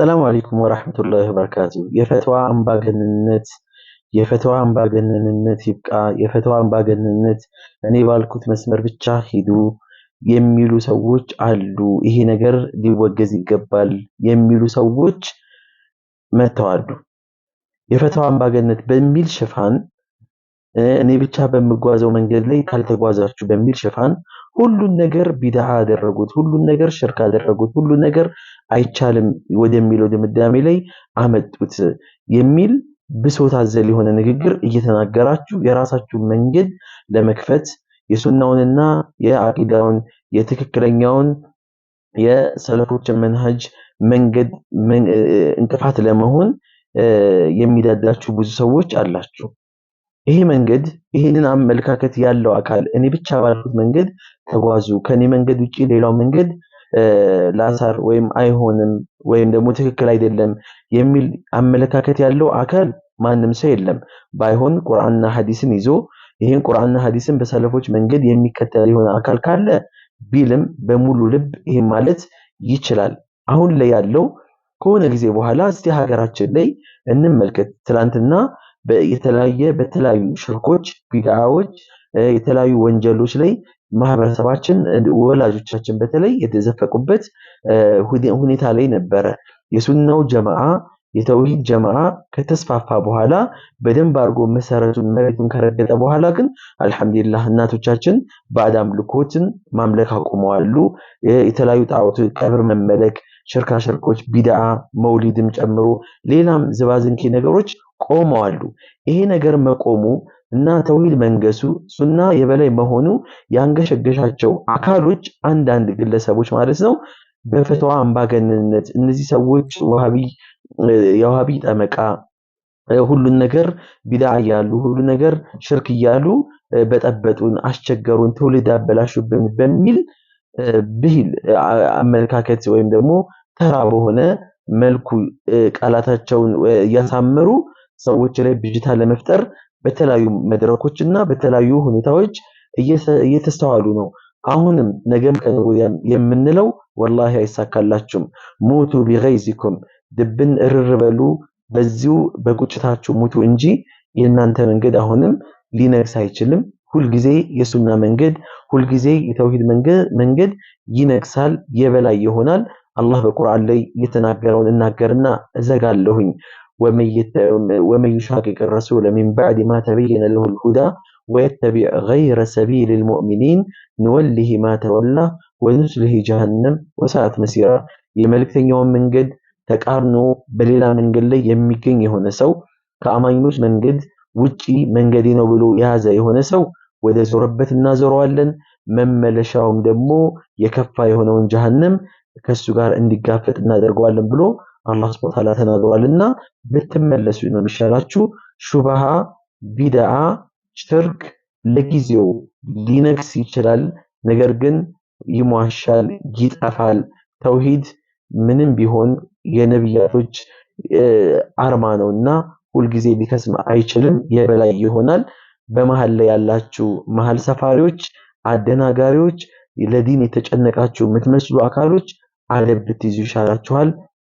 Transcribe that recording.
ሰላም አለይኩም ወራህመቱላሂ ወበረካቱ። የፈትዋ አምባገነንነት የፈትዋ አምባገነንነት ይብቃ። የፈትዋ አምባገነንነት እኔ ባልኩት መስመር ብቻ ሂዱ የሚሉ ሰዎች አሉ። ይሄ ነገር ሊወገዝ ይገባል የሚሉ ሰዎች መተዋሉ የፈትዋ አምባገነት በሚል ሽፋን እኔ ብቻ በምጓዘው መንገድ ላይ ካልተጓዛችሁ በሚል ሽፋን ሁሉን ነገር ቢድሃ አደረጉት፣ ሁሉን ነገር ሽርክ አደረጉት፣ ሁሉን ነገር አይቻልም ወደሚለው ድምዳሜ ላይ አመጡት የሚል ብሶት አዘል የሆነ ንግግር እየተናገራችሁ የራሳችሁን መንገድ ለመክፈት የሱናውንና የአቂዳውን የትክክለኛውን የሰለፎችን መንሃጅ መንገድ እንቅፋት ለመሆን የሚዳዳችሁ ብዙ ሰዎች አላችሁ። ይሄ መንገድ ይሄንን አመለካከት ያለው አካል እኔ ብቻ ባልኩት መንገድ ተጓዙ፣ ከኔ መንገድ ውጭ ሌላው መንገድ ላሳር ወይም አይሆንም ወይም ደግሞ ትክክል አይደለም የሚል አመለካከት ያለው አካል ማንም ሰው የለም። ባይሆን ቁርአንና ሐዲስን ይዞ ይህን ቁርአንና ሐዲስን በሰለፎች መንገድ የሚከተል የሆነ አካል ካለ ቢልም በሙሉ ልብ ይሄን ማለት ይችላል። አሁን ላይ ያለው ከሆነ ጊዜ በኋላ እስቲ ሀገራችን ላይ እንመልከት። ትላንትና የተለያየ በተለያዩ ሽርኮች፣ ቢድዓዎች፣ የተለያዩ ወንጀሎች ላይ ማህበረሰባችን ወላጆቻችን በተለይ የተዘፈቁበት ሁኔታ ላይ ነበረ። የሱናው ጀማዓ የተውሂድ ጀማዓ ከተስፋፋ በኋላ በደንብ አድርጎ መሰረቱን መሬቱን ከረገጠ በኋላ ግን አልሐምዱሊላህ እናቶቻችን በአዳም ልኮትን ማምለክ አቁመዋሉ። የተለያዩ ጣዖቶች ቀብር መመለክ፣ ሽርካ ሽርኮች፣ ቢድዓ፣ መውሊድም ጨምሮ ሌላም ዝባዝንኪ ነገሮች ቆመዋሉ። ይሄ ነገር መቆሙ እና ተውሂድ መንገሱ ሱና የበላይ መሆኑ ያንገሸገሻቸው አካሎች አንዳንድ ግለሰቦች ማለት ነው በፈተዋ አምባገነንነት እነዚህ ሰዎች ዋሃቢ የዋሃቢ ጠመቃ ሁሉን ነገር ቢዳ እያሉ ሁሉ ነገር ሽርክ እያሉ በጠበጡን፣ አስቸገሩን፣ ትውልድ አበላሹብን በሚል ብሂል አመለካከት ወይም ደግሞ ተራ በሆነ መልኩ ቃላታቸውን እያሳመሩ ሰዎች ላይ ብዥታ ለመፍጠር በተለያዩ መድረኮች እና በተለያዩ ሁኔታዎች እየተስተዋሉ ነው። አሁንም ነገም ከነገወዲያም የምንለው ወላሂ አይሳካላችሁም። ሙቱ ቢገይዚኩም ድብን እርር በሉ፣ በዚሁ በቁጭታችሁ ሙቱ እንጂ የእናንተ መንገድ አሁንም ሊነግስ አይችልም። ሁልጊዜ የሱና መንገድ ሁልጊዜ የተውሂድ መንገድ ይነግሳል፣ የበላይ ይሆናል። አላህ በቁርአን ላይ የተናገረውን እናገርና እዘጋለሁኝ ومن يشاقق الرسول من بعد ما تبين له الهدى ويتبع غير سبيل المؤمنين نوله ما ተወላ ወንስልህ ጀሃነም ወሰዓት መሲራ የመልእክተኛውን መንገድ ተቃርኖ በሌላ መንገድ ላይ የሚገኝ የሆነ ሰው ከአማኞች መንገድ ውጪ መንገዴ ነው ብሎ የያዘ የሆነ ሰው ወደ ዞረበት እናዞረዋለን። መመለሻውም ደግሞ የከፋ የሆነውን ጀሃነም ከሱ ጋር እንዲጋፈጥ እናደርገዋለን ብሎ አላህ ሱብሓነሁ ወተዓላ ተናግሯልና ብትመለሱ ነው የሚሻላችሁ። ሹብሃ፣ ቢድዓ፣ ሽርክ ለጊዜው ሊነግስ ይችላል፣ ነገር ግን ይሟሻል፣ ይጠፋል። ተውሂድ ምንም ቢሆን የነብያቶች አርማ ነውና ሁልጊዜ ሊከስም አይችልም፣ የበላይ ይሆናል። በመሀል ላይ ያላችሁ መሀል ሰፋሪዎች፣ አደናጋሪዎች፣ ለዲን የተጨነቃችሁ የምትመስሉ አካሎች አደብ ብትይዙ ይሻላችኋል።